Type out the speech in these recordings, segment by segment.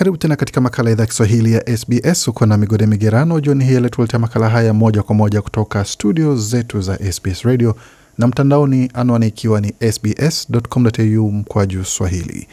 Karibu tena katika makala ya idhaa Kiswahili ya SBS. Uko na Migode Migerano John hii yaletuletea makala haya moja kwa moja kutoka studio zetu za SBS Radio na mtandaoni, anwani ikiwa ni sbs.com.au mkwaju swahili.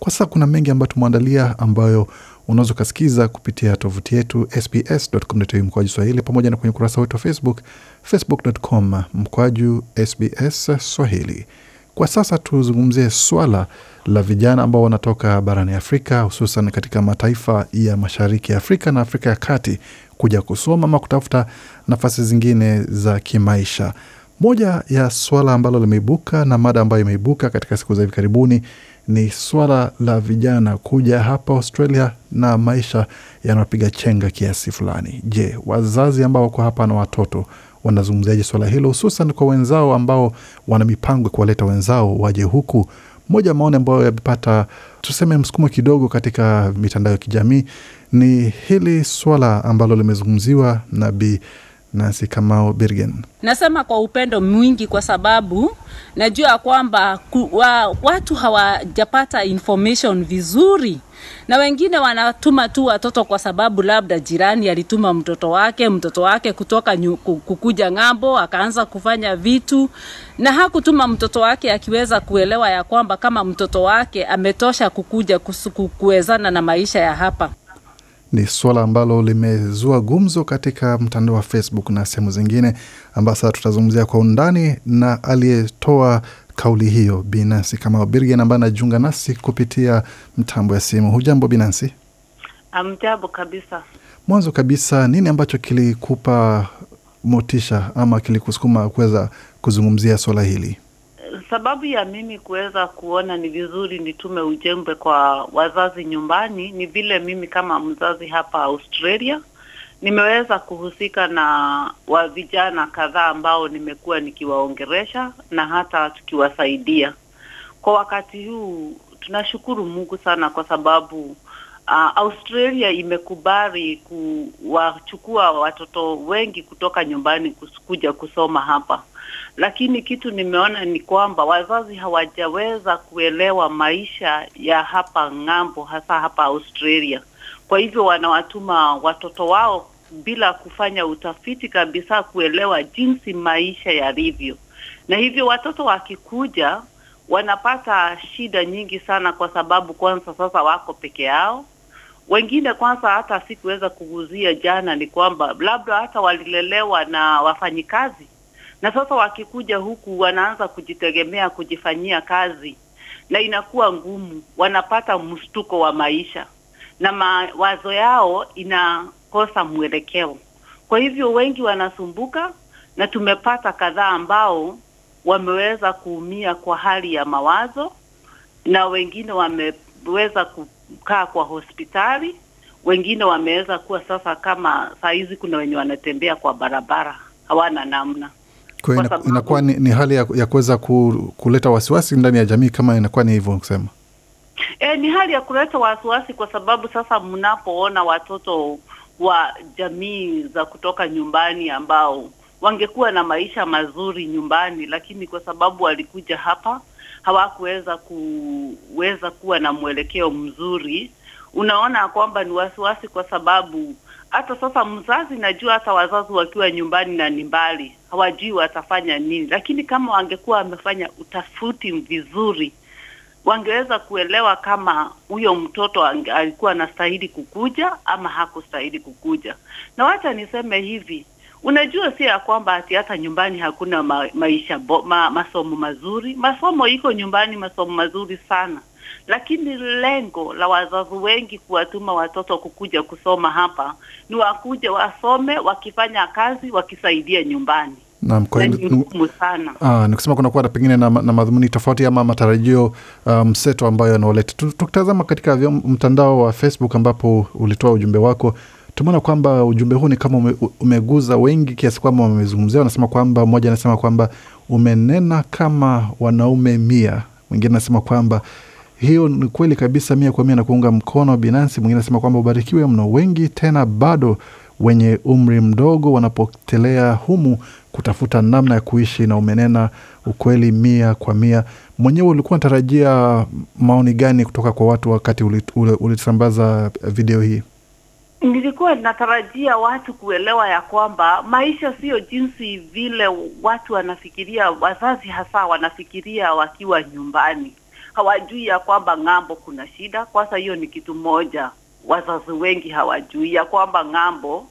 Kwa sasa kuna mengi ambayo tumeandalia, ambayo unaweza ukasikiza kupitia tovuti yetu sbs.com.au mkwaju swahili, pamoja na kwenye ukurasa wetu wa Facebook, facebook.com mkwaju sbs swahili kwa sasa tuzungumzie swala la vijana ambao wanatoka barani Afrika, hususan katika mataifa ya mashariki ya Afrika na Afrika ya kati kuja kusoma ama kutafuta nafasi zingine za kimaisha. Moja ya swala ambalo limeibuka na mada ambayo imeibuka katika siku za hivi karibuni ni swala la vijana kuja hapa Australia na maisha yanayopiga chenga kiasi fulani. Je, wazazi ambao wako hapa na watoto wanazungumziaje swala hilo, hususan kwa wenzao ambao wana mipango ya kuwaleta wenzao waje huku. Moja ya maoni ambayo yamepata tuseme msukumo kidogo katika mitandao ya kijamii ni hili swala ambalo limezungumziwa na Bi Nasi Kamau Birgen. Nasema kwa upendo mwingi kwa sababu najua kwamba kwamba wa, watu hawajapata information vizuri, na wengine wanatuma tu watoto kwa sababu labda jirani alituma mtoto wake, mtoto wake kutoka nyu, kukuja ng'ambo akaanza kufanya vitu, na hakutuma mtoto wake akiweza kuelewa ya kwamba kama mtoto wake ametosha kukuja kuwezana na maisha ya hapa ni suala ambalo limezua gumzo katika mtandao wa Facebook na sehemu zingine, ambayo sasa tutazungumzia kwa undani na aliyetoa kauli hiyo Binansi kama Birgen ambaye anajiunga nasi kupitia mtambo ya simu. Hujambo Binansi? Amjambo kabisa. Mwanzo kabisa, nini ambacho kilikupa motisha ama kilikusukuma kuweza kuzungumzia swala hili? sababu ya mimi kuweza kuona ni vizuri nitume ujembe kwa wazazi nyumbani ni vile mimi kama mzazi hapa Australia nimeweza kuhusika na wa vijana kadhaa ambao nimekuwa nikiwaongeresha na hata tukiwasaidia. Kwa wakati huu tunashukuru Mungu sana kwa sababu Uh, Australia imekubali kuwachukua watoto wengi kutoka nyumbani kuja kusoma hapa, lakini kitu nimeona ni kwamba wazazi hawajaweza kuelewa maisha ya hapa ng'ambo, hasa hapa Australia. Kwa hivyo wanawatuma watoto wao bila kufanya utafiti kabisa kuelewa jinsi maisha yalivyo, na hivyo watoto wakikuja wanapata shida nyingi sana, kwa sababu kwanza sasa wako peke yao wengine kwanza hata sikuweza kuguzia jana, ni kwamba labda hata walilelewa na wafanyikazi, na sasa wakikuja huku wanaanza kujitegemea, kujifanyia kazi, na inakuwa ngumu, wanapata mshtuko wa maisha na mawazo yao inakosa mwelekeo. Kwa hivyo wengi wanasumbuka, na tumepata kadhaa ambao wameweza kuumia kwa hali ya mawazo na wengine wame wameweza kukaa kwa hospitali, wengine wameweza kuwa sasa, kama saa hizi kuna wenye wanatembea kwa barabara, hawana namna kwa ina, inakuwa ni, ni hali ya, ya kuweza ku, kuleta wasiwasi ndani ya jamii kama inakuwa ni hivyo kusema. E, ni hali ya kuleta wasiwasi kwa sababu sasa mnapoona watoto wa jamii za kutoka nyumbani ambao wangekuwa na maisha mazuri nyumbani, lakini kwa sababu walikuja hapa hawakuweza kuweza kuwa na mwelekeo mzuri. Unaona kwamba ni wasiwasi, kwa sababu hata sasa mzazi, najua hata wazazi wakiwa nyumbani na ni mbali, hawajui watafanya nini, lakini kama wangekuwa wamefanya utafuti vizuri wangeweza kuelewa kama huyo mtoto alikuwa anastahili kukuja ama hakustahili kukuja. Na wacha niseme hivi, Unajua si ya kwamba ati hata nyumbani hakuna ma, maisha bo, ma, masomo mazuri. Masomo iko nyumbani, masomo mazuri sana, lakini lengo la wazazi wengi kuwatuma watoto kukuja kusoma hapa ni wakuja wasome, wakifanya kazi, wakisaidia nyumbani. Naam, kwa hiyo ngumu sana. Ah, nikusema kuna kuwa pengine na, na madhumuni tofauti ama matarajio ah, mseto um, ambayo yanaoleta. Tukitazama katika mtandao wa Facebook ambapo ulitoa ujumbe wako tumeona kwamba ujumbe huu ni kama ume, umeguza wengi kiasi kwamba wamezungumzia, wanasema kwamba mmoja anasema kwamba umenena kama wanaume mia, mwingine anasema kwamba hiyo ni kweli kabisa mia kwa mia na kuunga mkono binafsi. Mwingine anasema kwamba ubarikiwe mno, wengi tena bado wenye umri mdogo wanapotelea humu kutafuta namna ya kuishi, na umenena ukweli mia kwa mia. Mwenyewe ulikuwa unatarajia maoni gani kutoka kwa watu wakati ulisambaza video hii? nilikuwa natarajia watu kuelewa ya kwamba maisha sio jinsi vile watu wanafikiria, wazazi hasa wanafikiria wakiwa nyumbani. Hawajui ya kwamba ng'ambo kuna shida. Kwanza hiyo ni kitu moja, wazazi wengi hawajui ya kwamba ng'ambo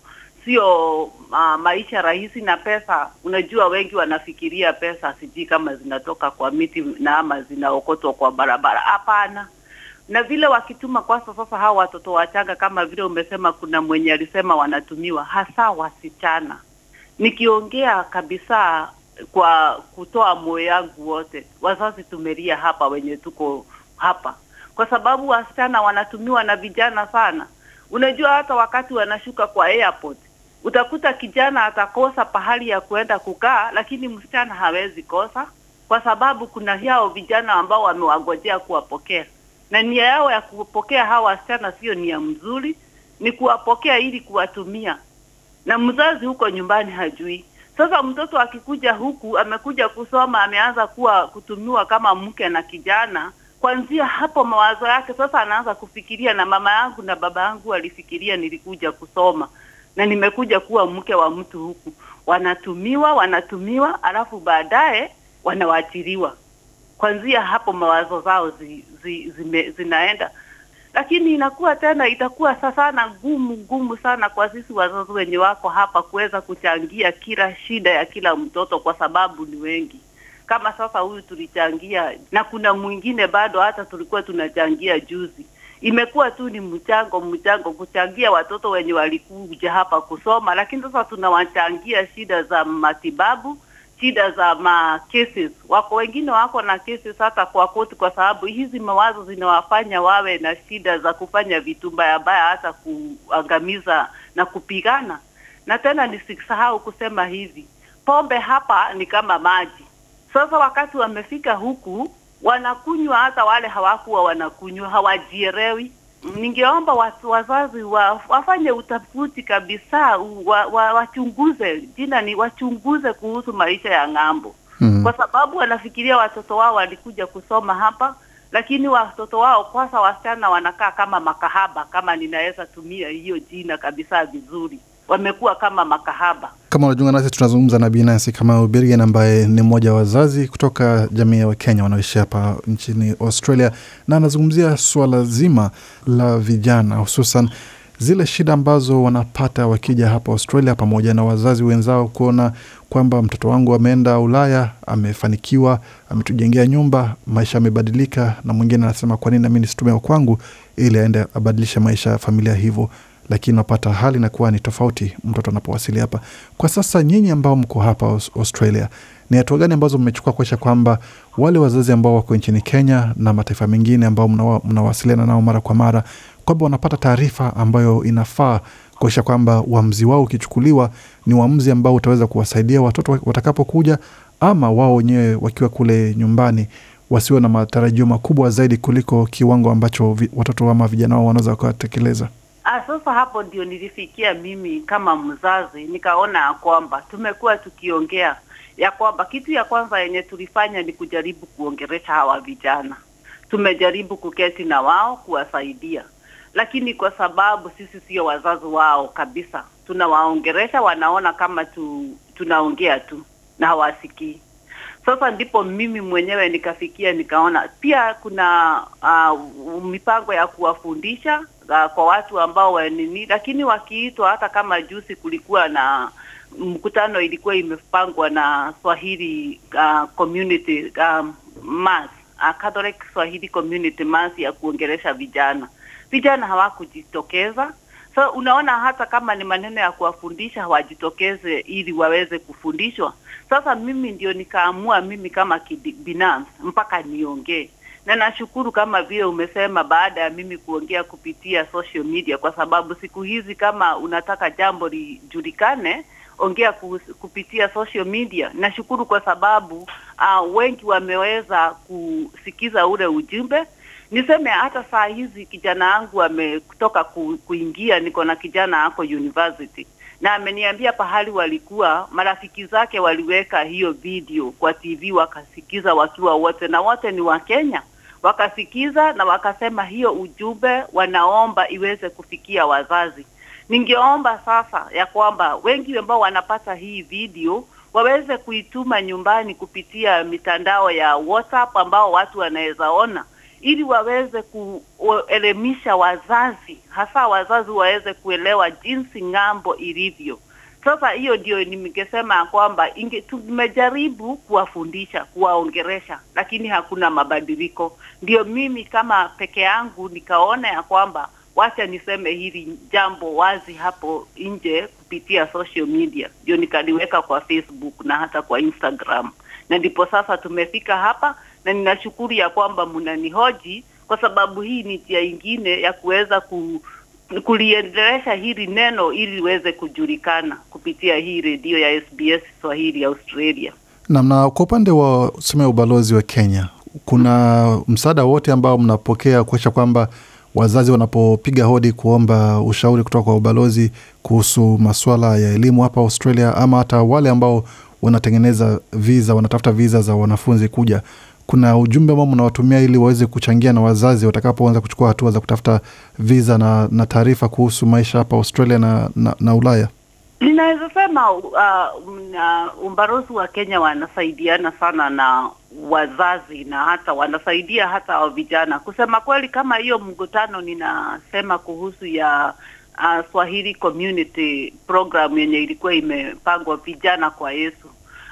sio uh, maisha rahisi na pesa. Unajua, wengi wanafikiria pesa sijui kama zinatoka kwa miti na ama zinaokotwa kwa barabara. Hapana na vile wakituma kwa sasa, hawa watoto wachanga kama vile umesema, kuna mwenye alisema wanatumiwa hasa wasichana. Nikiongea kabisa kwa kutoa moyo yangu wote, wazazi tumelia hapa, wenye tuko hapa, kwa sababu wasichana wanatumiwa na vijana sana. Unajua, hata wakati wanashuka kwa airport utakuta kijana atakosa pahali ya kuenda kukaa, lakini msichana hawezi kosa, kwa sababu kuna yao vijana ambao wamewangojea kuwapokea na nia yao ya kupokea hawa wasichana sio nia mzuri, ni kuwapokea ili kuwatumia, na mzazi huko nyumbani hajui. Sasa mtoto akikuja huku, amekuja kusoma, ameanza kuwa kutumiwa kama mke na kijana, kwanzia hapo mawazo yake sasa anaanza kufikiria, na mama yangu na baba yangu walifikiria nilikuja kusoma na nimekuja kuwa mke wa mtu huku. Wanatumiwa, wanatumiwa, alafu baadaye wanawachiliwa kwanzia hapo mawazo zao zi, zi, zi, zinaenda lakini inakuwa tena itakuwa sana ngumu ngumu sana kwa sisi wazazi wenye wako hapa kuweza kuchangia kila shida ya kila mtoto, kwa sababu ni wengi. Kama sasa huyu tulichangia, na kuna mwingine bado hata tulikuwa tunachangia juzi. Imekuwa tu ni mchango mchango, kuchangia watoto wenye walikuja hapa kusoma, lakini sasa tunawachangia shida za matibabu shida za ma cases. Wako wengine wako na cases hata kwa koti, kwa sababu hizi mawazo zinawafanya wawe na shida za kufanya vitu mbaya mbaya, hata kuangamiza na kupigana. Na tena nisisahau kusema hivi, pombe hapa ni kama maji. Sasa wakati wamefika huku wanakunywa, hata wale hawakuwa wanakunywa hawajierewi ningeomba wazazi wa, wafanye utafiti kabisa, wa, wa, wachunguze jina ni wachunguze kuhusu maisha ya ng'ambo mm -hmm. kwa sababu wanafikiria watoto wao walikuja kusoma hapa, lakini watoto wao kwasa wasichana wanakaa kama makahaba, kama ninaweza tumia hiyo jina kabisa vizuri wamekuwa kama makahaba. Kama unajiunga nasi, tunazungumza na Binansi kama Birgen ambaye ni mmoja wa wazazi kutoka jamii ya Wakenya wanaoishi hapa nchini Australia, na anazungumzia suala zima la vijana hususan zile shida ambazo wanapata wakija hapa Australia pamoja na wazazi wenzao, kuona kwamba mtoto wangu ameenda Ulaya, amefanikiwa, ametujengea nyumba, maisha amebadilika, na mwingine anasema kwa nini nami nisitume kwangu ili aende abadilishe maisha ya familia hivyo lakini unapata hali inakuwa ni tofauti mtoto anapowasili hapa. Kwa sasa nyinyi ambao mko hapa Australia, ni hatua gani ambazo mmechukua kuakisha kwamba wale wazazi ambao wako nchini Kenya na mataifa mengine ambao mnawasiliana nao mara kwa mara kwamba wanapata taarifa ambayo inafaa kuakisha kwamba uamuzi wao ukichukuliwa ni uamuzi ambao utaweza kuwasaidia watoto watakapokuja, ama wao wenyewe wakiwa kule nyumbani wasiwe na matarajio makubwa zaidi kuliko kiwango ambacho watoto ama vijana wao wanaweza wakawatekeleza? Ah, sasa hapo ndio nilifikia mimi kama mzazi, nikaona kwamba tumekuwa tukiongea ya kwamba kitu ya kwanza yenye tulifanya ni kujaribu kuongeresha hawa vijana. Tumejaribu kuketi na wao kuwasaidia, lakini kwa sababu sisi sio wazazi wao kabisa, tunawaongeresha wanaona kama tu, tunaongea tu na hawasikii. Sasa ndipo mimi mwenyewe nikafikia nikaona pia kuna uh, mipango ya kuwafundisha uh, kwa watu ambao wanini, lakini wakiitwa, hata kama juzi kulikuwa na mkutano ilikuwa imepangwa na Swahili uh, community um, mass uh, Catholic Swahili community mass ya kuongelesha vijana, vijana hawakujitokeza. So unaona hata kama ni maneno ya kuwafundisha wajitokeze ili waweze kufundishwa. Sasa mimi ndio nikaamua mimi kama kibinafsi mpaka niongee na nashukuru kama vile umesema, baada ya mimi kuongea kupitia social media, kwa sababu siku hizi kama unataka jambo lijulikane ongea kupitia social media. Nashukuru kwa sababu uh, wengi wameweza kusikiza ule ujumbe. Niseme hata saa hizi kijana wangu ametoka ku, kuingia, niko na kijana ako university na ameniambia pahali walikuwa marafiki zake waliweka hiyo video kwa TV wakasikiza wakiwa wote, na wote ni Wakenya wakasikiza na wakasema hiyo ujumbe wanaomba iweze kufikia wazazi. Ningeomba sasa ya kwamba wengi ambao wanapata hii video waweze kuituma nyumbani kupitia mitandao ya WhatsApp ambao watu wanaweza ona, ili waweze kuelimisha wazazi, hasa wazazi waweze kuelewa jinsi ng'ambo ilivyo. Sasa hiyo ndio nimesema kwamba inge, tumejaribu kuwafundisha kuwaongeresha, lakini hakuna mabadiliko. Ndio mimi kama peke yangu nikaona ya kwamba wacha niseme hili jambo wazi hapo nje kupitia social media, ndio nikaliweka kwa Facebook na hata kwa Instagram, na ndipo sasa tumefika hapa, na ninashukuru ya kwamba mnanihoji kwa sababu hii ni njia ingine ya kuweza ku kuliendelesha hili neno ili liweze kujulikana kupitia hii redio ya SBS Swahili ya Australia. Naam. Na kwa upande wa sema ya ubalozi wa Kenya, kuna msaada wote ambao mnapokea kuakisha kwamba wazazi wanapopiga hodi kuomba ushauri kutoka kwa ubalozi kuhusu masuala ya elimu hapa Australia, ama hata wale ambao wanatengeneza viza, wanatafuta viza za wanafunzi kuja kuna ujumbe ambao mnawatumia ili waweze kuchangia na wazazi watakapoanza kuchukua hatua za kutafuta viza na, na taarifa kuhusu maisha hapa Australia na, na, na Ulaya? Ninaweza sema uh, mm, uh umbarozi wa Kenya wanasaidiana sana na wazazi na hata wanasaidia hata wa vijana. Kusema kweli, kama hiyo mkutano ninasema kuhusu ya uh, Swahili Community Program yenye ilikuwa imepangwa vijana kwa Yesu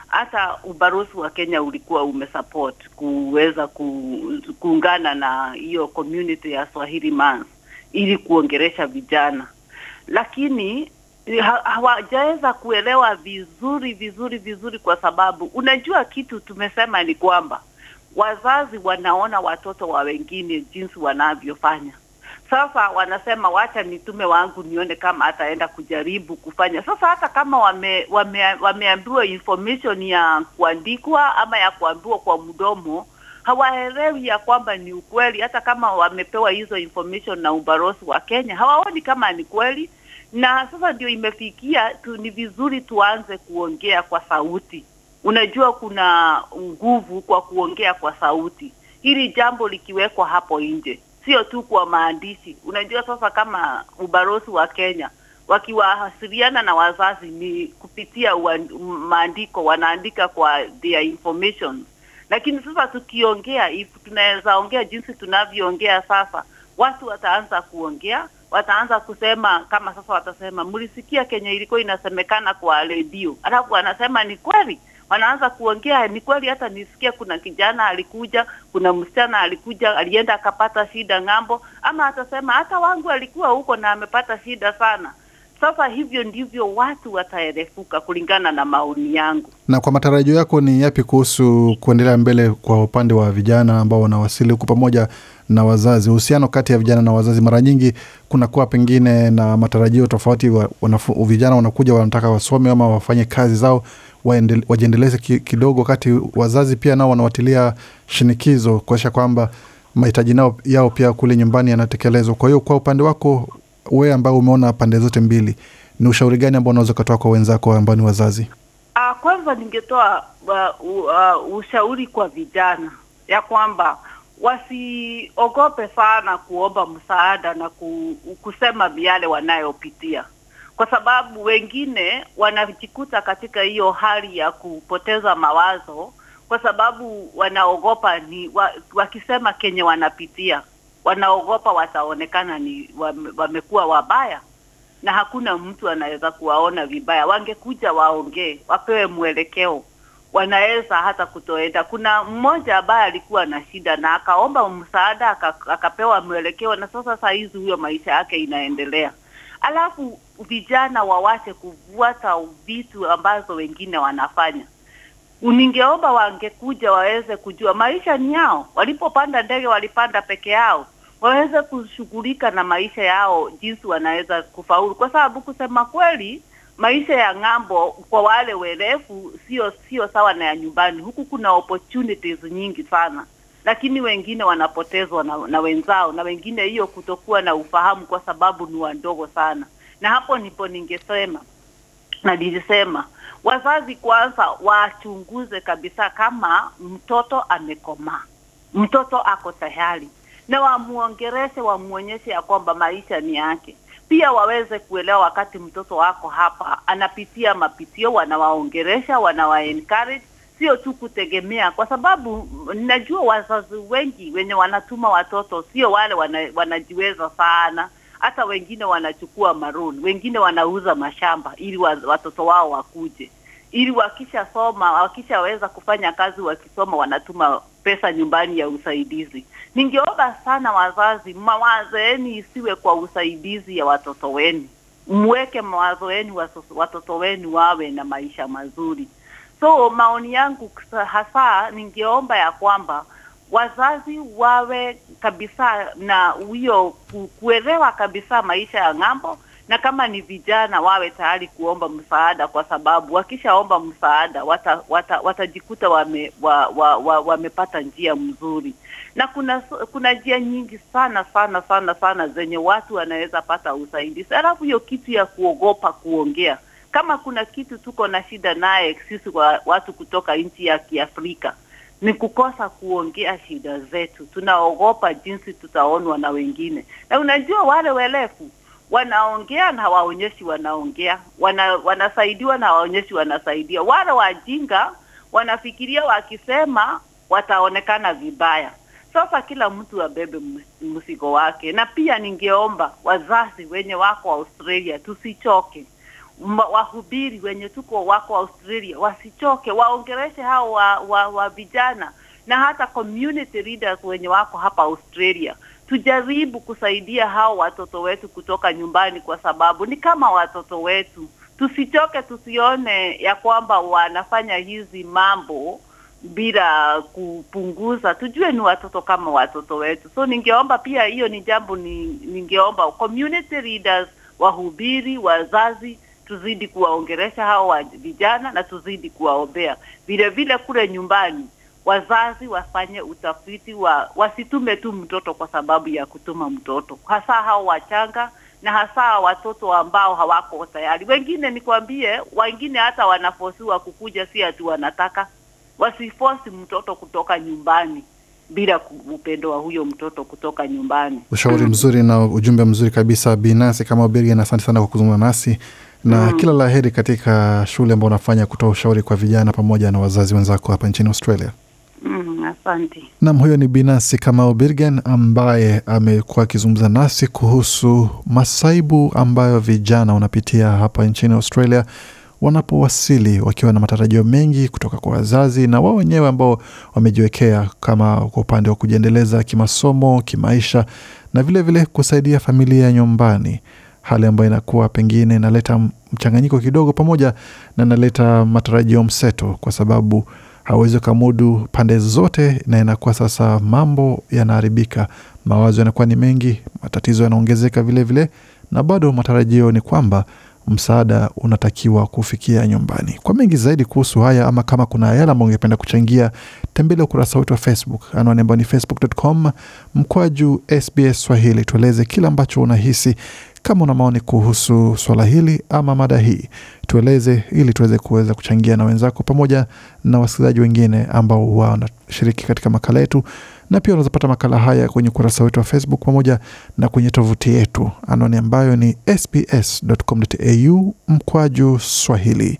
hata ubarusi wa Kenya ulikuwa umesupport kuweza kuungana na hiyo community ya Swahili Month ili kuongeresha vijana, lakini hawajaweza kuelewa vizuri vizuri vizuri, kwa sababu unajua kitu tumesema ni kwamba wazazi wanaona watoto wa wengine jinsi wanavyofanya sasa wanasema wacha nitume wangu nione kama ataenda kujaribu kufanya. Sasa hata kama wame, wame, wameambiwa information ya kuandikwa ama ya kuambiwa kwa mdomo hawaelewi ya kwamba ni ukweli. Hata kama wamepewa hizo information na ubalozi wa Kenya hawaoni kama ni kweli, na sasa ndio imefikia tu, ni vizuri tuanze kuongea kwa sauti. Unajua kuna nguvu kwa kuongea kwa sauti, hili jambo likiwekwa hapo nje sio tu kwa maandishi. Unajua sasa kama ubalozi wa Kenya wakiwasiliana na wazazi ni kupitia wa, maandiko wanaandika kwa their information, lakini sasa tukiongea, if tunaweza ongea jinsi tunavyoongea sasa, watu wataanza kuongea, wataanza kusema kama sasa, watasema mlisikia Kenya ilikuwa inasemekana kwa redio, alafu wanasema ni kweli wanaanza kuongea. Ni kweli, hata nisikia kuna kijana alikuja, kuna msichana alikuja, alienda akapata shida ng'ambo, ama atasema hata wangu alikuwa huko na amepata shida sana. Sasa hivyo ndivyo watu wataerefuka kulingana na maoni yangu. Na kwa matarajio yako ni yapi kuhusu kuendelea mbele kwa upande wa vijana ambao wanawasili huku pamoja na wazazi? Uhusiano kati ya vijana na wazazi mara nyingi kunakuwa pengine na matarajio tofauti. Vijana wanakuja wanataka wasome ama wafanye kazi zao wajiendeleze kidogo, wakati wazazi pia nao wanawatilia shinikizo kuonyesha kwamba mahitaji nao yao pia kule nyumbani yanatekelezwa. Kwa hiyo kwa upande wako wewe ambao umeona pande zote mbili, ni ushauri gani ambao unaweza ukatoa kwa wenzako ambao ni wazazi? Ah, kwanza ningetoa uh, uh, ushauri kwa vijana ya kwamba wasiogope sana kuomba msaada na ku, kusema miale wanayopitia kwa sababu wengine wanajikuta katika hiyo hali ya kupoteza mawazo kwa sababu wanaogopa ni wa, wakisema kenye wanapitia wanaogopa wataonekana ni wamekuwa wabaya na hakuna mtu anaweza kuwaona vibaya. Wangekuja waongee, wapewe mwelekeo, wanaweza hata kutoenda. Kuna mmoja ambaye alikuwa na shida na akaomba msaada, akapewa mwelekeo, na sasa saa hizi huyo maisha yake inaendelea alafu vijana wawache kuvuata vitu ambazo wengine wanafanya. Ningeomba wangekuja waweze kujua maisha ni yao, walipopanda ndege walipanda peke yao, waweze kushughulika na maisha yao, jinsi wanaweza kufaulu, kwa sababu kusema kweli maisha ya ng'ambo kwa wale werefu sio sio sawa na ya nyumbani. Huku kuna opportunities nyingi sana lakini wengine wanapotezwa na, na wenzao na wengine hiyo kutokuwa na ufahamu kwa sababu ni wandogo sana. Na hapo ndipo ningesema na nilisema wazazi kwanza wachunguze kabisa kama mtoto amekomaa, mtoto ako tayari, na wamuongereshe, wamuonyeshe ya kwamba maisha ni yake. Pia waweze kuelewa wakati mtoto wako hapa anapitia mapitio, wanawaongeresha, wanawaencourage sio tu kutegemea, kwa sababu ninajua wazazi wengi wenye wanatuma watoto sio wale wana, wanajiweza sana. Hata wengine wanachukua maron wengine wanauza mashamba ili watoto wao wakuje, ili wakishasoma, wakishaweza kufanya kazi, wakisoma, wanatuma pesa nyumbani ya usaidizi. Ningeomba sana wazazi, mawazo yenu isiwe kwa usaidizi ya watoto wenu, mweke mawazo yenu watoto wenu wawe na maisha mazuri. So maoni yangu hasa, ningeomba ya kwamba wazazi wawe kabisa na huyo kuelewa kabisa maisha ya ng'ambo, na kama ni vijana wawe tayari kuomba msaada, kwa sababu wakishaomba msaada wata, wata, watajikuta wame, wa, wa, wa, wamepata njia mzuri, na kuna kuna njia nyingi sana sana sana sana zenye watu wanaweza pata usaidizi, alafu hiyo kitu ya kuogopa kuongea kama kuna kitu tuko na shida naye sisi kwa watu kutoka nchi ya Kiafrika ni kukosa kuongea shida zetu. Tunaogopa jinsi tutaonwa na wengine, na unajua wale welefu wanaongea na hawaonyeshi wanaongea, wana, wanasaidiwa na hawaonyeshi wanasaidia. Wale wajinga wanafikiria wakisema wataonekana vibaya. Sasa kila mtu abebe mzigo wake, na pia ningeomba wazazi wenye wako Australia tusichoke wahubiri wenye tuko wako Australia wasichoke, waongereshe hao wa, wa, wa vijana na hata community leaders wenye wako hapa Australia. Tujaribu kusaidia hao watoto wetu kutoka nyumbani, kwa sababu ni kama watoto wetu. Tusichoke, tusione ya kwamba wanafanya hizi mambo bila kupunguza, tujue ni watoto kama watoto wetu. So ningeomba pia, hiyo ni jambo ni, ningeomba community leaders, wahubiri, wazazi tuzidi kuwaongeresha hao vijana na tuzidi kuwaombea. Vile vile kule nyumbani, wazazi wafanye utafiti wa, wasitume tu mtoto kwa sababu ya kutuma mtoto, hasa hao wachanga na hasa watoto ambao hawako tayari. Wengine nikwambie, wengine hata wanafosiwa kukuja, si ati wanataka. Wasifosi mtoto kutoka nyumbani bila upendo wa huyo mtoto kutoka nyumbani. Ushauri mzuri na ujumbe mzuri kabisa, Binasi kama Ubirge, na asante sana kwa kuzungumza nasi na mm. Kila la heri katika shule ambao unafanya kutoa ushauri kwa vijana pamoja na wazazi wenzako hapa nchini Australia. Mm, asante. huyo ni Binasi Kamau Birgen ambaye amekuwa akizungumza nasi kuhusu masaibu ambayo vijana wanapitia hapa nchini Australia wanapowasili wakiwa na matarajio mengi kutoka kwa wazazi na wao wenyewe ambao wamejiwekea kama kwa upande wa kujiendeleza kimasomo, kimaisha na vilevile vile kusaidia familia ya nyumbani hali ambayo inakuwa pengine inaleta mchanganyiko kidogo, pamoja na inaleta matarajio mseto, kwa sababu hawezi ukamudu pande zote, na inakuwa sasa mambo yanaharibika, mawazo yanakuwa ni mengi, matatizo yanaongezeka vilevile, na bado matarajio ni kwamba msaada unatakiwa kufikia nyumbani. Kwa mengi zaidi kuhusu haya ama kama kuna yale ambayo ungependa kuchangia, tembelea ukurasa wetu wa Facebook, anwani ambayo ni facebook.com mkwaju SBS Swahili. Tueleze kile ambacho unahisi kama una maoni kuhusu swala hili ama mada hii, tueleze ili tuweze kuweza kuchangia na wenzako pamoja na wasikilizaji wengine ambao wanashiriki katika makala yetu, na pia unaweza pata makala haya kwenye ukurasa wetu wa Facebook pamoja na kwenye tovuti yetu, anwani ambayo ni sbs.com.au mkwaju Swahili